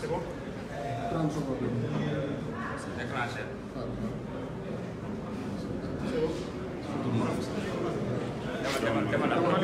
C'est bon 30 secondes. Déclenché. C'est bon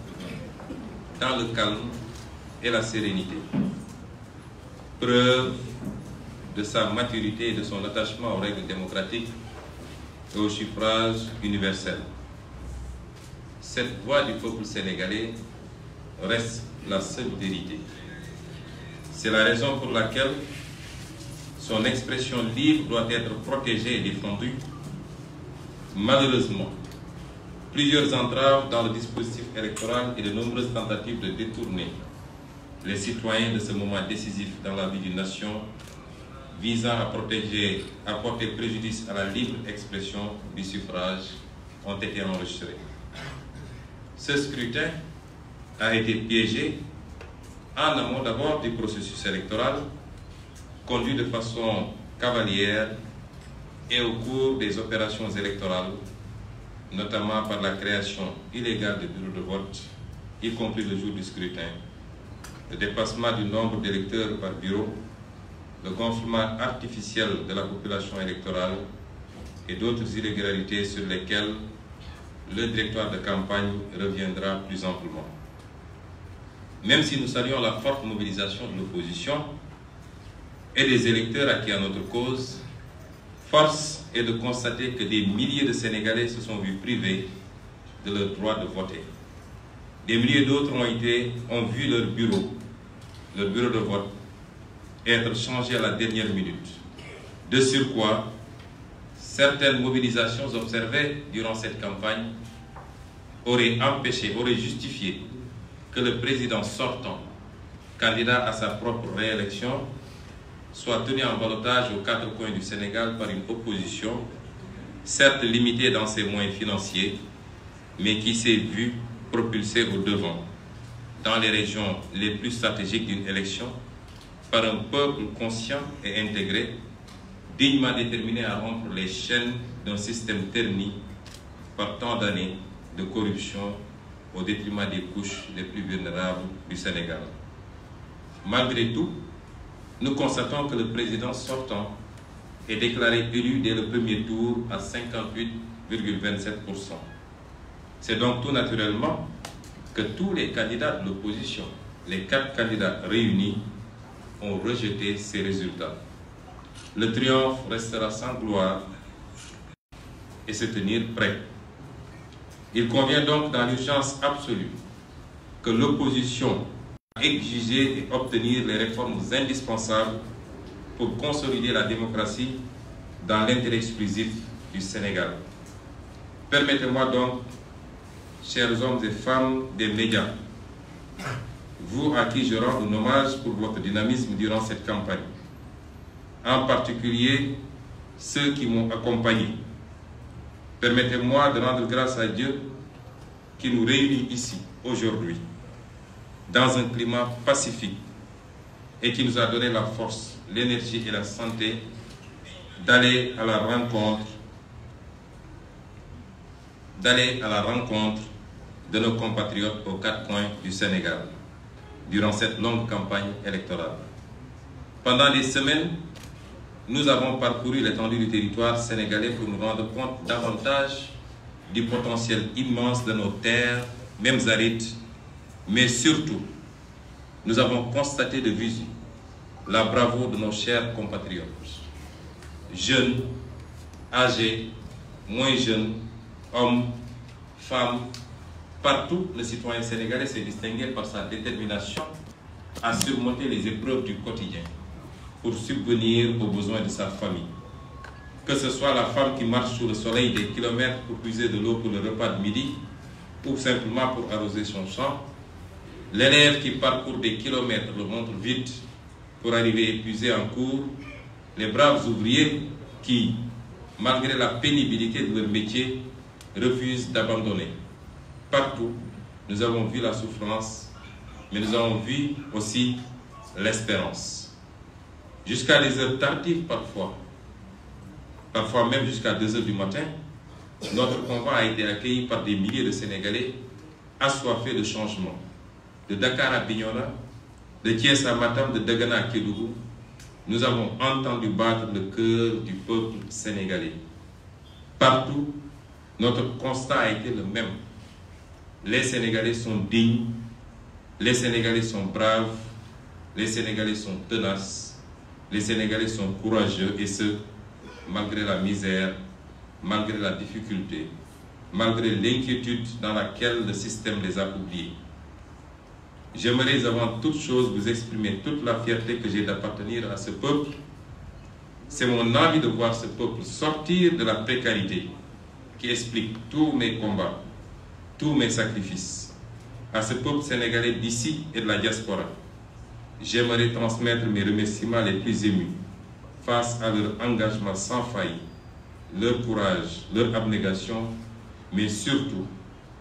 dans le calme et la sérénité. Preuve de sa maturité et de son attachement aux règles démocratiques et au suffrage universel. Cette voix du peuple sénégalais reste la seule vérité. C'est la raison pour laquelle son expression libre doit être protégée et défendue. Malheureusement, plusieurs entraves dans le dispositif électoral et de nombreuses tentatives de détourner les citoyens de ce moment décisif dans la vie d'une nation visant à protéger, à porter préjudice à la libre expression du suffrage ont été enregistrés. Ce scrutin a été piégé en amont d'abord du processus électoral, conduit de façon cavalière et au cours des opérations électorales notamment par la création illégale de bureaux de vote, y compris le jour du scrutin, le dépassement du nombre d'électeurs par bureau, le gonflement artificiel de la population électorale et d'autres illégalités sur lesquelles le directoire de campagne reviendra plus amplement. Même si nous saluons la forte mobilisation de l'opposition et des électeurs acquis à notre cause, Force est de constater que des milliers de Sénégalais se sont vus privés de leur droit de voter. Des milliers d'autres ont, été, ont vu leur bureau, de vote, être changé à la dernière minute. De surcroît, certaines mobilisations observées durant cette campagne auraient empêché, auraient justifié que le président sortant, candidat à sa propre réélection, soit tenu en balotage aux quatre coins du Sénégal par une opposition, certes limitée dans ses moyens financiers, mais qui s'est vue propulsée au devant, dans les régions les plus stratégiques d'une élection, par un peuple conscient et intégré, dignement déterminé à rompre les chaînes d'un système terni par tant d'années de corruption au détriment des couches les plus vulnérables du Sénégal. Malgré tout, nous constatons que le président sortant est déclaré élu dès le premier tour à 58,27%. C'est donc tout naturellement que tous les candidats de l'opposition, les quatre candidats réunis, ont rejeté ces résultats. Le triomphe restera sans gloire et se tenir prêt. Il convient donc dans l'urgence absolue que l'opposition exiger et obtenir les réformes indispensables pour consolider la démocratie dans l'intérêt exclusif du Sénégal. Permettez-moi donc, chers hommes et femmes des médias, vous à qui je rends un hommage pour votre dynamisme durant cette campagne, en particulier ceux qui m'ont accompagné. Permettez-moi de rendre grâce à Dieu qui nous réunit ici aujourd'hui. dans un climat pacifique et qui nous a donné la force, l'énergie et la santé d'aller à la rencontre à la rencontre de nos compatriotes aux quatre coins du Sénégal durant cette longue campagne électorale. Pendant des semaines, nous avons parcouru l'étendue du territoire sénégalais pour nous rendre compte davantage du potentiel immense de nos terres, même arides Mais surtout, nous avons constaté de visu la bravoure de nos chers compatriotes, jeunes, âgés, moins jeunes, hommes, femmes, partout, le citoyen sénégalais s'est distingué par sa détermination à surmonter les épreuves du quotidien pour subvenir aux besoins de sa famille. Que ce soit la femme qui marche sous le soleil des kilomètres pour puiser de l'eau pour le repas de midi ou simplement pour arroser son champ, L'élève qui parcourt des kilomètres le montre vite pour arriver épuisé en cours. Les braves ouvriers qui, malgré la pénibilité de leur métier, refusent d'abandonner. Partout, nous avons vu la souffrance, mais nous avons vu aussi l'espérance. Jusqu'à des heures tardives parfois, parfois même jusqu'à 2 heures du matin, notre combat a été accueilli par des milliers de Sénégalais assoiffés de changement. de Dakar à Bignona, de Thiès à Matam, de Dagana à Kédougou, nous avons entendu battre le cœur du peuple sénégalais. Partout, notre constat a été le même. Les Sénégalais sont dignes, les Sénégalais sont braves, les Sénégalais sont tenaces, les Sénégalais sont courageux et ce, malgré la misère, malgré la difficulté, malgré l'inquiétude dans laquelle le système les a oubliés. J'aimerais avant toute chose vous exprimer toute la fierté que j'ai d'appartenir à ce peuple. C'est mon envie de voir ce peuple sortir de la précarité qui explique tous mes combats, tous mes sacrifices. À ce peuple sénégalais d'ici et de la diaspora, j'aimerais transmettre mes remerciements les plus émus face à leur engagement sans faille, leur courage, leur abnégation, mais surtout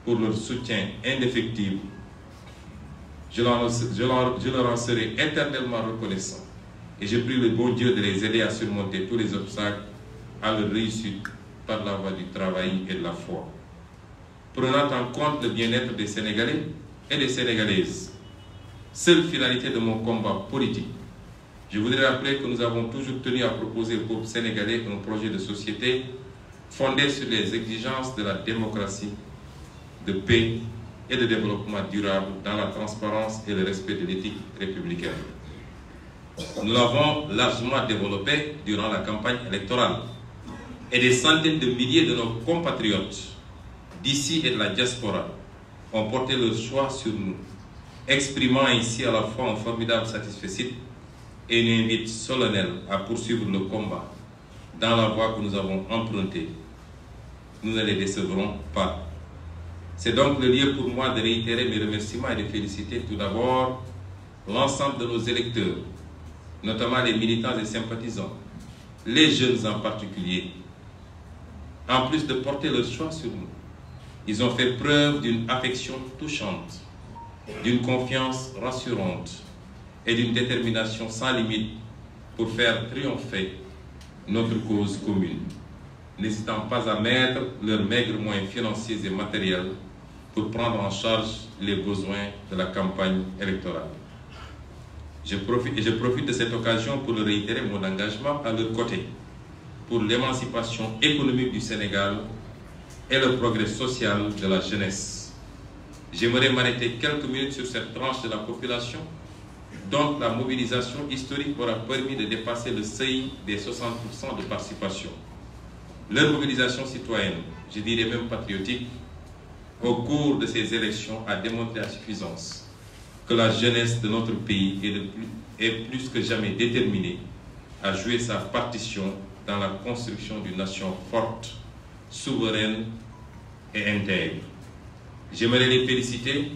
pour leur soutien indéfectible je leur, je, leur, je leur en serai éternellement reconnaissant. Et je prie le bon Dieu de les aider à surmonter tous les obstacles à leur réussite par la voie du travail et de la foi. Prenant en compte le bien-être des Sénégalais et des Sénégalaises, seule finalité de mon combat politique, je voudrais rappeler que nous avons toujours tenu à proposer au peuple sénégalais un projet de société fondé sur les exigences de la démocratie, de paix et de développement durable dans la transparence et le respect de l'éthique républicaine. Nous l'avons largement développé durant la campagne électorale et des centaines de milliers de nos compatriotes d'ici et de la diaspora ont porté leur choix sur nous, exprimant ainsi à la fois un formidable satisfecit et une invite solennelle à poursuivre le combat dans la voie que nous avons empruntée. Nous ne les décevrons pas. C'est donc le lieu pour moi de réitérer mes remerciements et de féliciter tout d'abord l'ensemble de nos électeurs, notamment les militants et sympathisants, les jeunes en particulier. En plus de porter leur choix sur nous, ils ont fait preuve d'une affection touchante, d'une confiance rassurante et d'une détermination sans limite pour faire triompher notre cause commune, n'hésitant pas à mettre leurs maigres moyens financiers et matériels pour prendre en charge les besoins de la campagne électorale. Je profite, je profite de cette occasion pour le réitérer mon engagement à leur côté pour l'émancipation économique du Sénégal et le progrès social de la jeunesse. J'aimerais m'arrêter quelques minutes sur cette tranche de la population dont la mobilisation historique aura permis de dépasser le seuil des 60% de participation. Leur mobilisation citoyenne, je dirais même patriotique, au cours de ces élections à démontré à suffisance que la jeunesse de notre pays de plus, est plus que jamais déterminée à jouer sa partition dans la construction d'une nation forte, souveraine et intègre. J'aimerais les féliciter,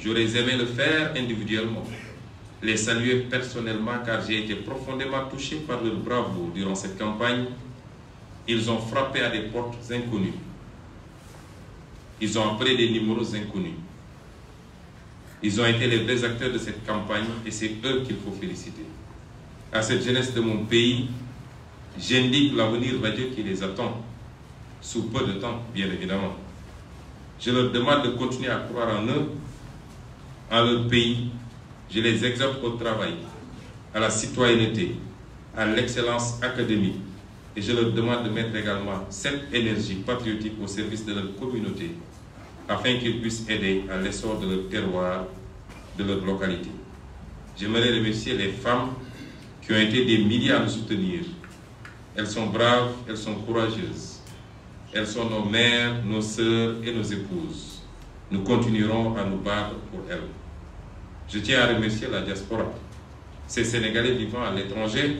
j'aurais aimé le faire individuellement, les saluer personnellement car j'ai été profondément touché par leur bravoure durant cette campagne. Ils ont frappé à des portes inconnues Ils ont appelé des numéros inconnus. Ils ont été les vrais acteurs de cette campagne et c'est eux qu'il faut féliciter. À cette jeunesse de mon pays, j'indique l'avenir radieux qui les attend, sous peu de temps, bien évidemment. Je leur demande de continuer à croire en eux, en leur pays. Je les exhorte au travail, à la citoyenneté, à l'excellence académique. Et je leur demande de mettre également cette énergie patriotique au service de leur communauté afin qu'ils puissent aider à l'essor de leur terroir, de leur localité. J'aimerais remercier les femmes qui ont été des milliers à nous soutenir. Elles sont braves, elles sont courageuses. Elles sont nos mères, nos sœurs et nos épouses. Nous continuerons à nous battre pour elles. Je tiens à remercier la diaspora, ces Sénégalais vivant à l'étranger,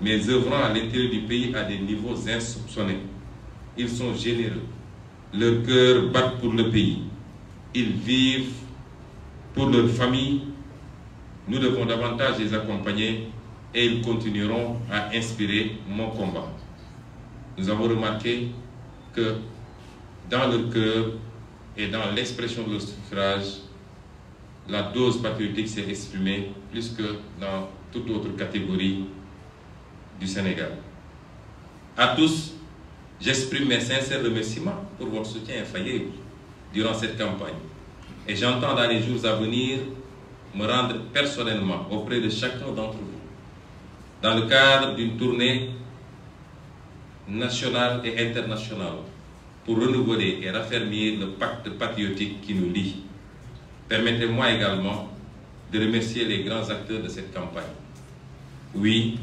mais œuvrant à l'intérieur du pays à des niveaux insoupçonnés. Ils sont généreux, leur cœur bat pour le pays. Ils vivent pour leur famille. Nous devons davantage les accompagner et ils continueront à inspirer mon combat. Nous avons remarqué que dans leur cœur et dans l'expression de leur suffrage, la dose patriotique s'est exprimée plus que dans toute autre catégorie du Sénégal. À tous, J'exprime mes sincères remerciements pour votre soutien infaillible durant cette campagne. Et j'entends dans les jours à venir me rendre personnellement auprès de chacun d'entre vous dans le cadre d'une tournée nationale et internationale pour renouveler et raffermir le pacte patriotique qui nous lie. Permettez-moi également de remercier les grands acteurs de cette campagne. Oui,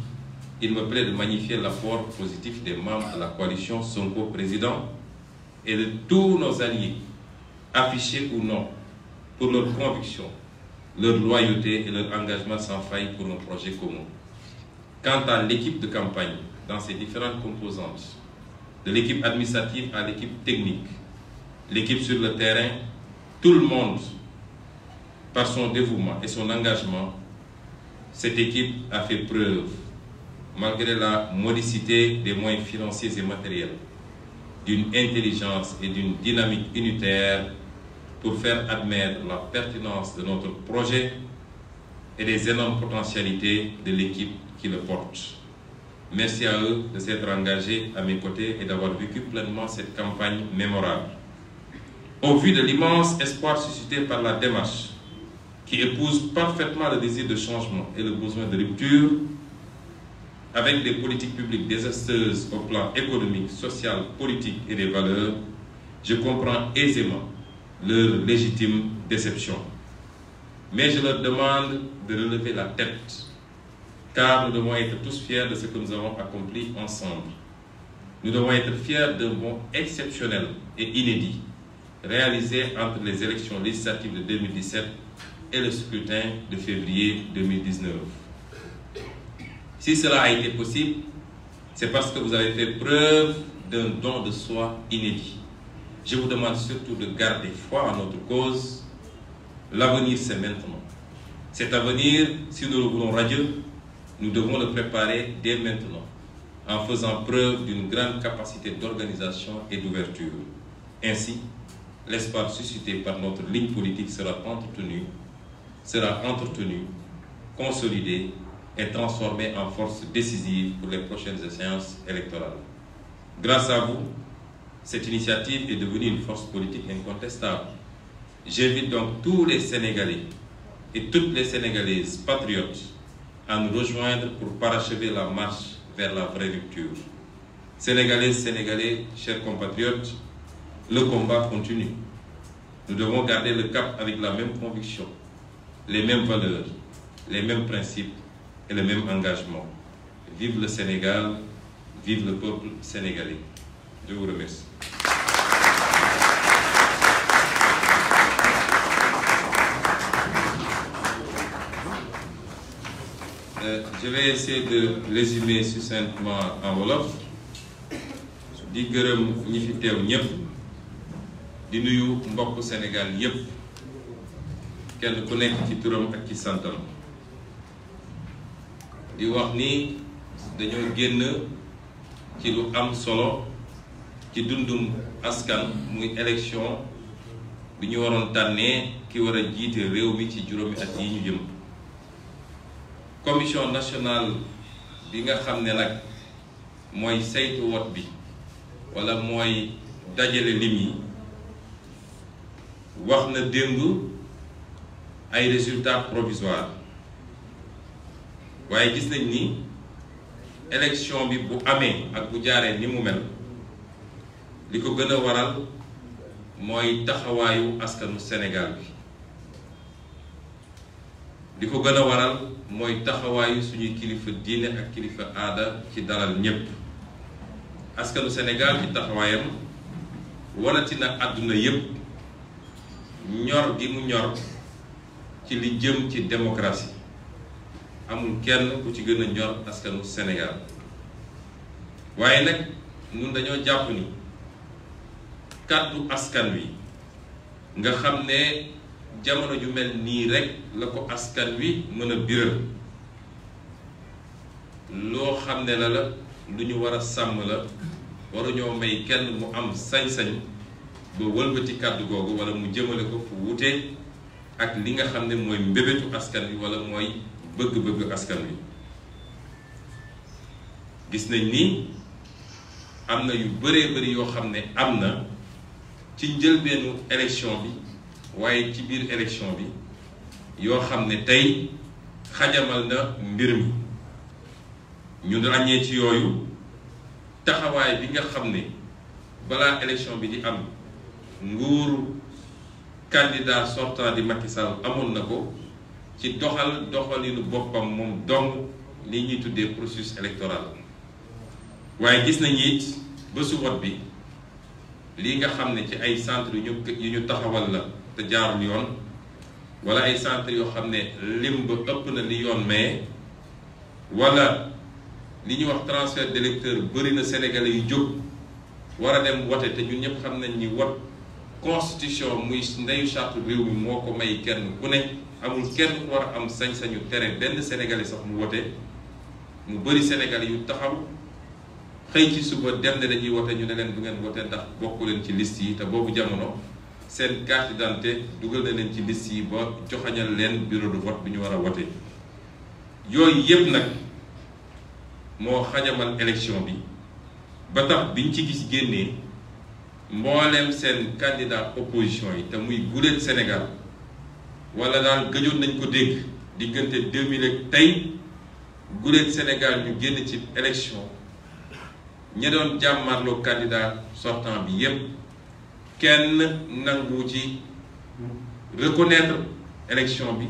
il me plaît de magnifier l'apport positif des membres de la coalition Sonko Président et de tous nos alliés, affichés ou non, pour leur conviction, leur loyauté et leur engagement sans faille pour un projet commun. Quant à l'équipe de campagne, dans ses différentes composantes, de l'équipe administrative à l'équipe technique, l'équipe sur le terrain, tout le monde, par son dévouement et son engagement, cette équipe a fait preuve malgré la modicité des moyens financiers et matériels, d'une intelligence et d'une dynamique unitaire pour faire admettre la pertinence de notre projet et les énormes potentialités de l'équipe qui le porte. Merci à eux de s'être engagés à mes côtés et d'avoir vécu pleinement cette campagne mémorable. Au vu de l'immense espoir suscité par la démarche, qui épouse parfaitement le désir de changement et le besoin de rupture, avec des politiques publiques désastreuses au plan économique, social, politique et des valeurs, je comprends aisément leur légitime déception. Mais je leur demande de relever la tête, car nous devons être tous fiers de ce que nous avons accompli ensemble. Nous devons être fiers d'un bond exceptionnel et inédit réalisé entre les élections législatives de 2017 de février 2019. Si cela a été possible, c'est parce que vous avez fait preuve d'un don de soi inédit. Je vous demande surtout de garder foi en notre cause. L'avenir, c'est maintenant. Cet avenir, si nous le voulons radieux, nous devons le préparer dès maintenant, en faisant preuve d'une grande capacité d'organisation et d'ouverture. Ainsi, l'espace suscité par notre ligne politique sera entretenu, sera entretenu, consolidé et transformé en force décisive pour les prochaines séances électorales. Grâce à vous, cette initiative est devenue une force politique incontestable. J'invite donc tous les Sénégalais et toutes les Sénégalaises patriotes à nous rejoindre pour parachever la marche vers la vraie rupture. Sénégalaises, Sénégalais, chers compatriotes, le combat continue. Nous devons garder le cap avec la même conviction, les mêmes valeurs, les mêmes principes et le même engagement. Vive Sénégal, vive le peuple sénégalais. Je vous euh, je vais essayer de résumer succinctement en wolof di gërëm ñi fi teew ñëpp di nuyu mbokk Sénégal yëpp kenn ku ci turam ak ci santam di wax ni dañoo génn ci lu am solo ci dundum askan muy élection bi ñu waroon tànnee ki war a jiite réew mi ci juróomi at yi ñu jëm commission nationale bi nga xam ne nag mooy saytu wot bi walla mooy dajale lim yi wax na démb ay résultat provisoires waaye gis nañ ni élection bi bu amee ak bu jaaree ni mu mel li ko gën a waral mooy taxawaayu askanu Sénégal bi li ko gën a waral mooy taxawaayu suñuy kilifa diine ak kilifa aada ci dalal ñépp askanu Sénégal ci taxawaayam wanati na àdduna yépp ñor gi mu ñor ci li jëm ci démocratie amul kenn ku ci gën a ñor askanu Sénégal waaye nag ñun dañoo jàpp ni kàddu askan wi nga xam ne jamono ju mel nii rek la ko askan wi mën a biral loo xam ne la la lu ñu war a sàmm la waruñoo may kenn mu am sañ-sañ ba wëlbati kàddu googu wala mu jëmale ko fu wute ak li nga xam ne mooy mbébétu askan wi walla mooy bëgg-bëgg askan wi gis nañ ni am na yu bëree bëri yoo xam ne am na ci njëlbeenu élection bi waaye ci biir élection bi yoo xam ne tey xajamal na mbir mi ñu ràññee ci yooyu taxawaay bi nga xam ne balaa élection bi di am nguuru candidat sortant di Macky Sall amoon na ko ci doxal doxalinu boppam moom dong li ñuy tuddee processus électoral waaye gis nañu it bésu vote bi lii nga xam ne ci ay centre yu ñu yu ñu taxawal la te jaarul yoon wala ay centre yoo xam ne lim ba ëpp na li yoon mais wala li ñuy wax transfert d'électeur bëri na sénégalais yu jóg war dem wote te ñun ñëpp xam nañ ni wat constitution muy ndeyu charte réew mi moo ko may kenn ku ne amul kenn war am sañ-sañu tere benn sénégalais sax mu wote mu bari sénégalais yu taxaw xëy ci suba dem ne dañuy wote ñu ne leen bu ngeen wote ndax bokku leen ci liste yi te boobu jamono seen carte d'identité dugal na leen ci liste yi ba joxañal leen bureau de vote bi ñu war a wote yooyu yëpp nag moo xajamal élection bi ba tax biñ ci gis génnee mbooleem seen candidat opposition yi te muy guléet Sénégal wala daal gëjoon nañ ko dégg diggante 2000 ak tey guréel Sénégal ñu génn ci élection ñi doon jàmmarloo candidat sortant bi yépp kenn nangu ci reconnaître élection bi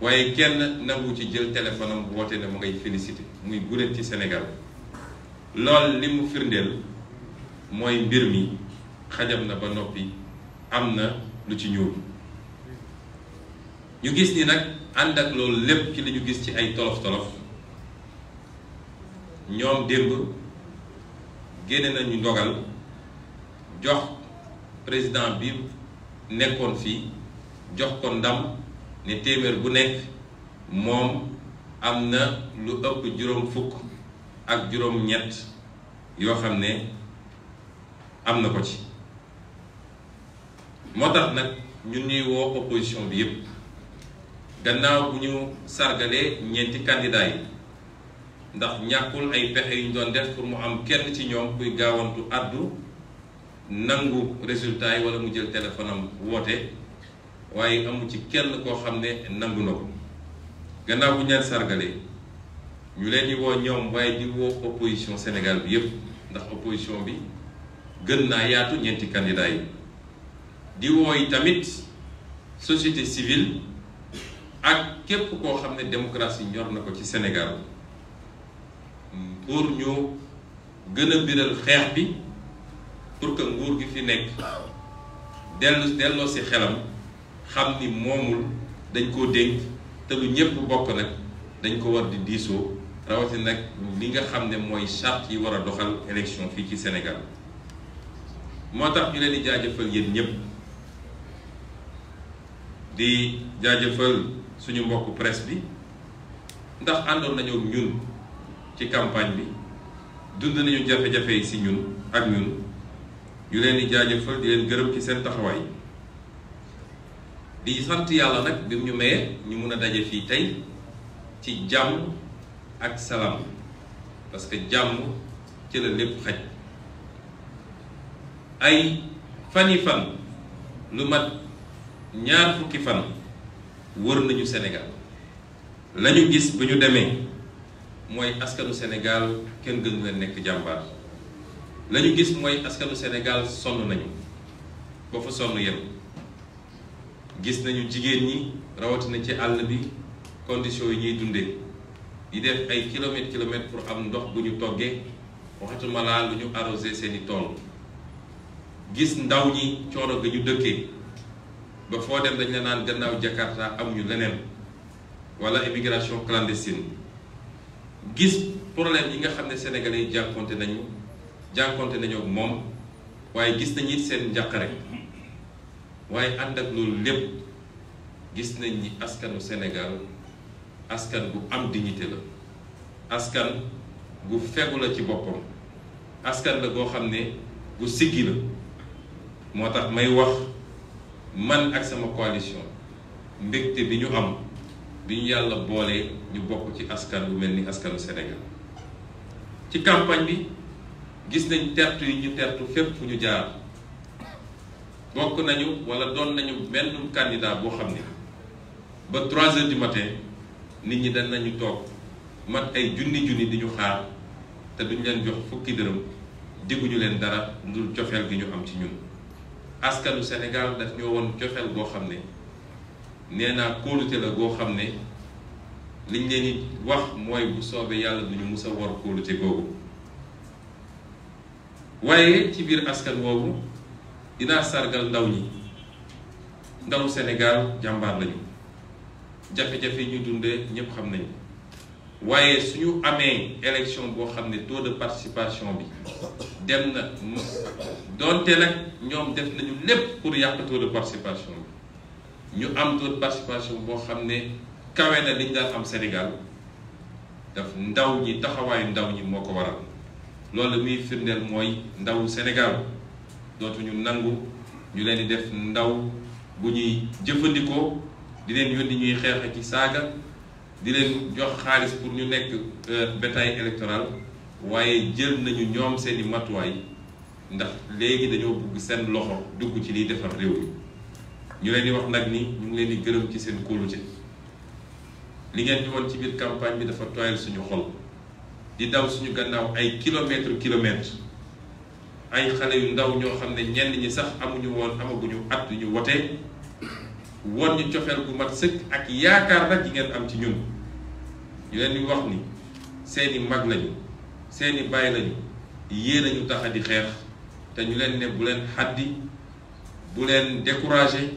waaye kenn nangu ci jël téléphone am woote mu ngay félicité muy guréel ci Sénégal lool li mu firndeel mooy mbir mi xajam na ba noppi am na lu ci ñuul ñu gis ni nag ànd ak loolu lépp ci lañu gis ci ay tolof tolof ñoom démb génne nañu ndogal jox président bi nekkoon fii jox ko ndam ne téeméer bu nekk moom am na lu ëpp juróom fukk ak juróom ñett yoo xam ne am na ko ci moo tax nag ñu ñuy woo opposition bi yépp gannaaw bu ñu sargalee ñeenti candidat yi ndax ñàkkul ay pexe yu ñu doon def pour mu am kenn ci ñoom kuy gaawantu àddu nangu résultat yi wala mu jël téléphone woote waaye amu ci kenn koo xam ne nangu na ko gannaaw bu ñu leen sargalee ñu leen di woo ñoom waaye di woo opposition Sénégal bi yépp ndax opposition bi gën naa yaatu ñeenti candidat yi di yi tamit société civile ak képp koo xam ne démocratie ñor na ko ci senegal pour ñu gën a biral xeex bi pour que nguur gi fi nekk dellu delloo si xelam xam ni moomul dañ koo dénk te lu ñépp bokk nag dañ ko war di diisoo rawatina nag li nga xam ne mooy charte yi war a doxal élection fii ci senegal moo tax ñu leen di jaajëfal yéen ñépp di jaajëfal suñu mbokk presse bi ndax àndoon nañoo ñun ci campagne bi dund nañu jafe-jafe yi si ñun ak ñun yu leen di jaajëfal di leen gërëm ci seen taxawaay di sant yàlla nag bi mu ñu mayee ñu mun a daje fii tey ci jàmm ak salaam parce que jàmm ci la lépp xaj ay fani fan lu mat ñaar fukki fan wër nañu Sénégal la ñu gis bu ñu demee mooy askanu Sénégal kenn gënu leen nekk jàmbaar la ñu gis mooy askanu Sénégal sonn nañu ba fa sonn yem gis nañu jigéen ñi rawatina ci àll bi conditions yi ñuy dundee yi def ay kilomètres kilomètres pour am ndox bu ñu toggee waxatuma laa lu ñu arrosé seeni tool gis ndaw ñi coono ga ñu dëkkee ba foo dem dañ la naan gannaaw Jakarta amuñu leneen wala immigration clandestine gis problème yi nga xam ne sénégalais yi nañu jànkonte nañu moom waaye gis nañu it seen njàqare waaye ànd ak loolu lépp gis nañ ni askanu senegal askan bu am dignité la askan bu fegu la ci boppam askan la goo xam ne bu siggi la moo tax may wax man ak sama coalition mbégte bi ñu am bi ñu yàlla boole ñu bokk ci askan bu mel ni askanu Sénégal ci campagne bi gis nañ tertu yi ñu tertu fépp fu ñu jaar bokk nañu wala doon nañu benn candidat boo xam ne ba 3 heures du matin nit ñi dañ nañu toog mat ay junni junni di ñu xaar te duñ leen jox fukki dërëm digguñu leen dara ndul cofeel bi ñu am ci ñun askanu Sénégal daf ñoo woon joxeel goo xam ne nee naa kóolute la goo xam ne liñ leen di wax mooy bu soobee yàlla duñu mus a war kóolute googu waaye ci biir askan woowu dinaa sargal ndaw ñi ndaw Sénégal jàmbaar lañu jafe-jafe ñu dunde ñëpp xam nañ waaye su ñu amee élection boo xam ne taux de participation bi dem na donte nag ñoom def nañu lépp pour yàq taux de participation bi ñu am taux de participation boo xam ne kawe na li ñu daan am Sénégal daf ndaw ñi taxawaayu ndaw ñi moo ko waral loolu la muy firndeel mooy ndawu Sénégal dootuñu nangu ñu leen di def ndaw bu ñuy jëfandikoo di leen yónni ñuy xeex ci saaga di leen jox xaalis pour ñu nekk euh, bétail électoral waaye jël nañu ñoom seeni matuwaay ndax léegi dañoo bugg seen loxo dugg ci liy defar réew mi ñu leen di wax nag ni ñu leen di gërëm ci seen kóolute li ngeen ñu woon ci biir campagne bi dafa tooyal suñu xol di daw suñu gannaaw ay kilomètre kilomètre ay xale yu ndaw ñoo xam ne ñenn ñi sax amuñu woon amaguñu at yu ñu wote woon ñu cofeel bu mat sëkk ak yaakaar nag yi ngeen am ci ñun di leen wax ni seeni mag lañu seeni bàyyi lañu yéen nañu tax a di xeex te ñu leen ne bu leen xaddi bu leen découragé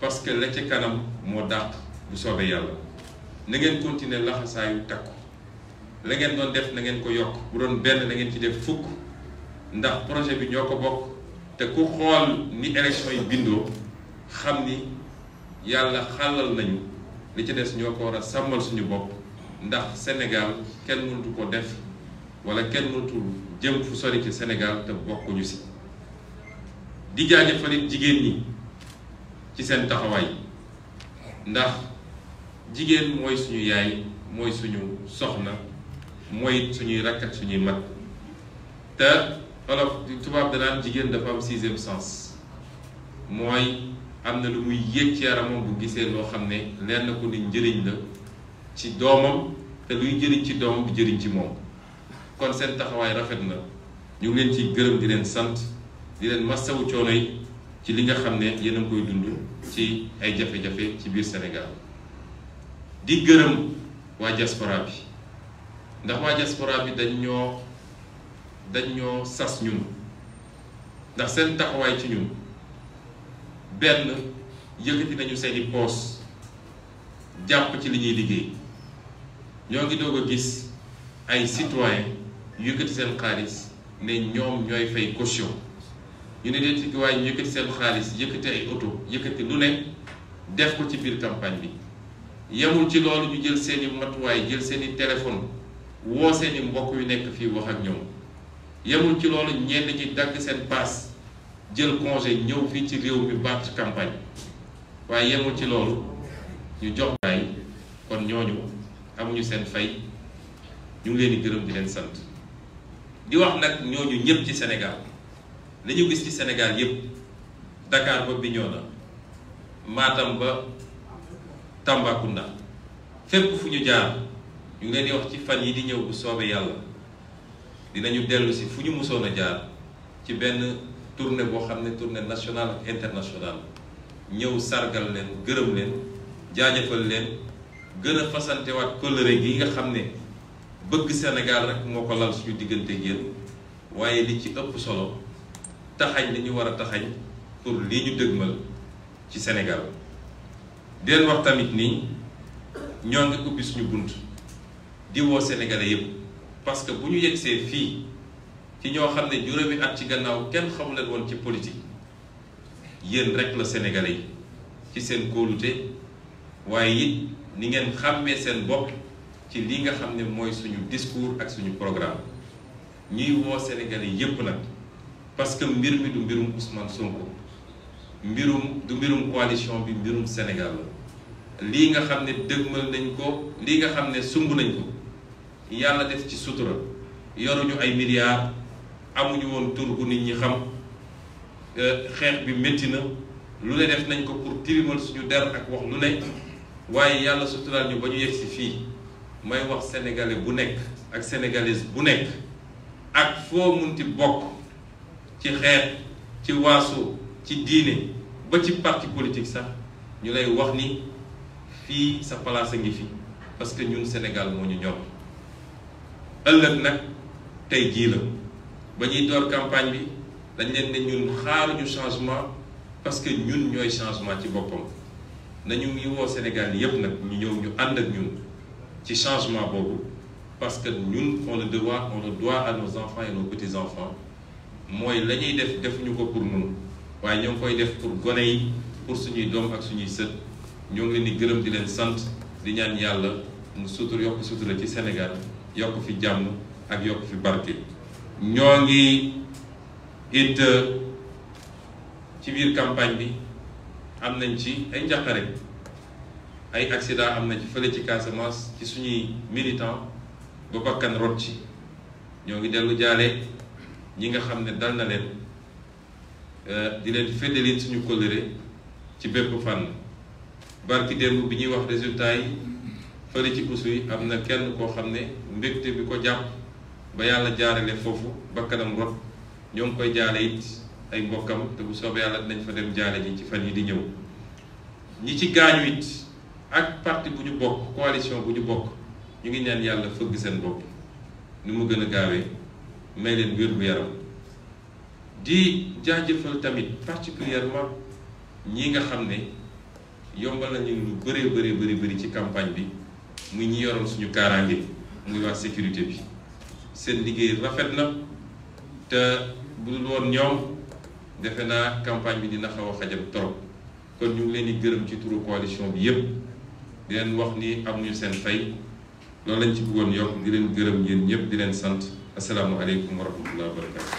parce que la ca kanam moo dàq bu soobee yàlla na ngeen continuer laxasaayu takku la ngeen doon def na ngeen ko yokk bu doon benn na ngeen ci def fukk ndax projet bi ñoo ko bokk te ku xool ni élection yi bindoo xam ni yàlla xàllal nañu li ci des ñoo ko war a sàmmal suñu bopp ndax Sénégal kenn mënatu ko def wala kenn mënatu jëm fu sori ci Sénégal te bokkuñu si di jaajëfalit jigéen ñi ci seen taxawaay ndax jigéen mooy suñu yaay mooy suñu soxna mooy suñuy rakk ak suñuy mag te olof tubaab danaan jigéen dafa am sixième sens mooy am na lu muy yëg ci yaramam bu gisee loo xam ne leer na ko ni njëriñ la ci doomam te luy jëriñ ci doomam bu jëriñ ci moom kon seen taxawaay rafet na ñu ngi leen ci gërëm di leen sant di leen massawu coono yi ci li nga xam ne yéen koy dund ci ay jafe-jafe ci biir Sénégal di gërëm waa diaspora bi ndax waa diaspora bi dañ ñoo dañ ñoo sas ñun ndax seen taxawaay ci ñun benn yëkkati nañu seeni poos jàpp ci li ñuy liggéey ñoo ngi doog a gis ay citoyen yëkkati seen xaalis ne ñoom ñooy fay caution ñu ne deeti waaye ñu yëkkati seen xaalis yëkkati ay oto yëkkati lu ne def ko ci biir campagne bi yemul ci loolu ñu jël seeni matuwaay jël seeni téléphone woo seeni mbokk yu nekk fii wax ak ñoom yemul ci loolu ñenn ñi dagg seen paas jël congé ñëw fii ci réew mi baat campagne waaye yemul ci loolu ñu jox kon ñooñu amuñu seen fay ñu ngi leen di gërëm di leen sant di wax nag ñooñu ñëpp ci senegaal lañu gis ci senegaal yëpp Dakar ba Bignona Matam ba Tambacounda fépp fu ñu jaar ñu leen di wax ci fan yi di ñëw bu soobee yàlla dinañu dellu si fu ñu musoon a jaar ci benn tournée boo xam ne tournée nationale ak internationale ñëw sargal leen gërëm leen jaajëfal leen. gën a fasantewaat kóllëre gi nga xam ne bëgg senegal rek moo ko lal suñu diggante yéen waaye li ci ëpp solo taxañ li ñu war a taxañ pour lii ñu dëgmal ci senegal di wax tamit nii ñoo ngi ubbi suñu bunt diwoo woo sénégalais yëpp parce que bu ñu yegsee fii ci ñoo xam ne juróomi at ci gannaaw kenn xamu woon ci politique yéen rek la sénégalais yi ci seen kóolute waaye it ni ngeen xàmmee seen bopp ci li nga xam ne mooy suñu discours ak suñu programme ñuy woo Sénégalais yépp nag parce que mbir mi du mbirum Ousmane Sonko mbirum du mbirum coalition bi mbirum senegal la lii nga xam ne dëgmal nañ ko lii nga xam ne sumb nañ ko yàlla def ci sutura yoruñu ay milliards amuñu woon tur bu nit ñi xam euh, xeex bi métti na lu ne def nañ ko pour tilimal suñu der ak wax lu ne waaye yàlla suturaal ñu ba ñu yegg si fii may wax sénégalais bu nekk ak sénégalaise bu nekk ak foo munti bokk ci xeet ci waaso ci diine ba ci parti politique sax ñu lay wax ni fii sa place a ngi fi parce que ñun Sénégal moo ñu ñor ëllëg nag tey jii la ba ñuy door campagne bi dañ leen ne ñun xaaruñu changement parce que ñun ñooy changement ci boppam. nañu ngi woo Sénégal yëpp nag ñu ñëw ñu ànd ak ñun ci changement boobu parce que ñun on le devoir on le doit à nos enfants et nos petits mooy la ñuy def defuñu ko pour ñun waaye ñoo ngi koy def pour gone yi pour suñuy doom ak suñuy sët ñoo ngi leen gërëm di leen sant di ñaan yàlla mu sutur yokk sutura ci Sénégal yokk fi jàmm ak yokk fi barke. ñoo ngi it euh, ci biir campagne bi. am nañ ci ay njàqare ay accident am na ci fële ci Casamance ci suñuy militant ba bakkan rot ci ñoo ngi dellu jaale ñi nga xam ne dal na leen euh, di leen féddalin suñu colère ci bépp fànn barki démb bi ñuy wax résultat yi fële ci usuy am na kenn koo xam ne mbégte bi ko jàpp ba yàlla jaarale foofu bakkanam rot ñoo ngi koy jaale it ay mbokkam te bu soobee yàlla dinañ fa dem jaale ji ci fan yi di ñëw ñi ci gaañu ak parti bu ñu bokk coalition bu ñu bokk ñu ngi ñaan yàlla fëgg seen bopp ni mu gën a gaawee may leen wér bu yaram di jaajëfal tamit particulièrement ñi nga xam ne yombal nañu lu bëree bëree bëri bëri ci campagne bi muy ñi yoroon suñu kaaraange muy waa sécurité bi seen liggéey rafet na te bu dul woon ñoom. defe naa campagne bi dina xaw a xajab trop kon ñu ngi leen di gërëm ci turu coalition bi yépp di leen wax ni amuñu seen fay loolu lañ ci bëggoon yokk di leen gërëm yéen ñëpp di leen sant asalaamualeykum wa rahmatullahi wa barakatu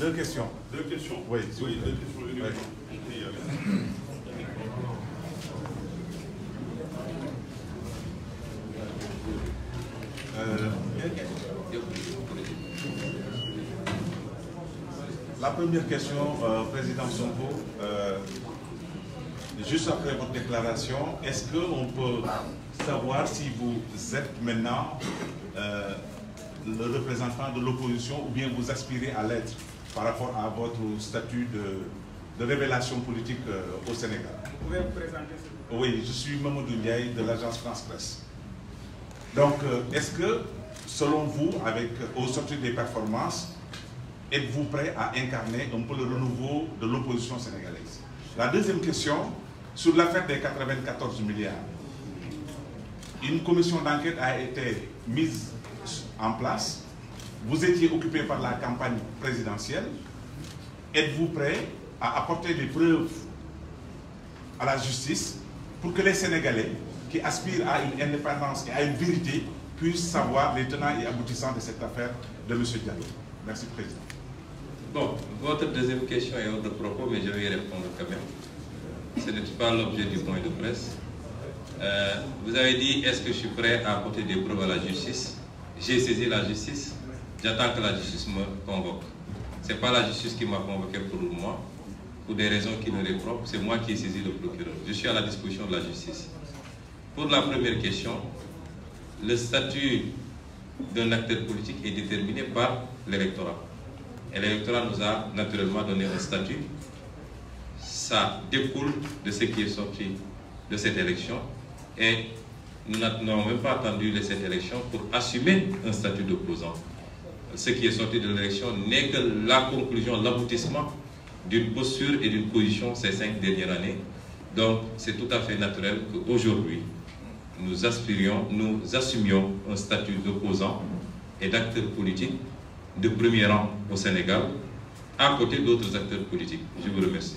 Deux questions. Deux questions. Oui, oui deux questions. Une oui. Euh, euh question, euh, Président Sonko, euh, juste après votre déclaration, est-ce qu'on peut savoir si vous êtes maintenant euh, le représentant de l'opposition ou bien vous aspirez à l'être par rapport à votre statut de, de révélation politique euh, euh, est-ce que, selon vous, avec, euh, au des performances, êtes-vous prêt à incarner un peu le renouveau de l'opposition sénégalaise La deuxième question, sur l'affaire des 94 milliards, une vous étiez occupé par la campagne présidentielle, êtes-vous prêt à apporter des preuves à la justice pour que les Sénégalais qui aspirent à une indépendance et à une vérité puissent savoir les tenants et aboutissants de cette affaire de M. Diallo votre deuxième question est hors de propos, mais je vais y répondre quand même. Ce n'est pas l'objet du point de presse. Euh, vous avez dit, est-ce que je suis prêt à apporter des preuves à la justice J'ai saisi la J'attends que la justice me convoque. Ce n'est pas la justice qui m'a convoqué pour moi, pour des raisons qui leur est C'est moi qui ai saisi le procureur. Je suis à la disposition de la justice. Pour la première question, le statut d'un acteur politique est déterminé par l'électorat. Et l'électorat nous a naturellement donné un statut. Ça découle de ce qui est sorti de cette élection. Et nous n'avons même pas attendu cette élection pour assumer un statut d'opposant. ce qui est sorti de l'élection n'est que la conclusion, l'aboutissement d'une posture et d'une position ces cinq dernières années. Donc, c'est tout à fait naturel qu'aujourd'hui, nous aspirions, nous assumions un statut d'opposant et d'acteur politique de premier rang au Sénégal, à côté d'autres acteurs politiques. Je vous remercie.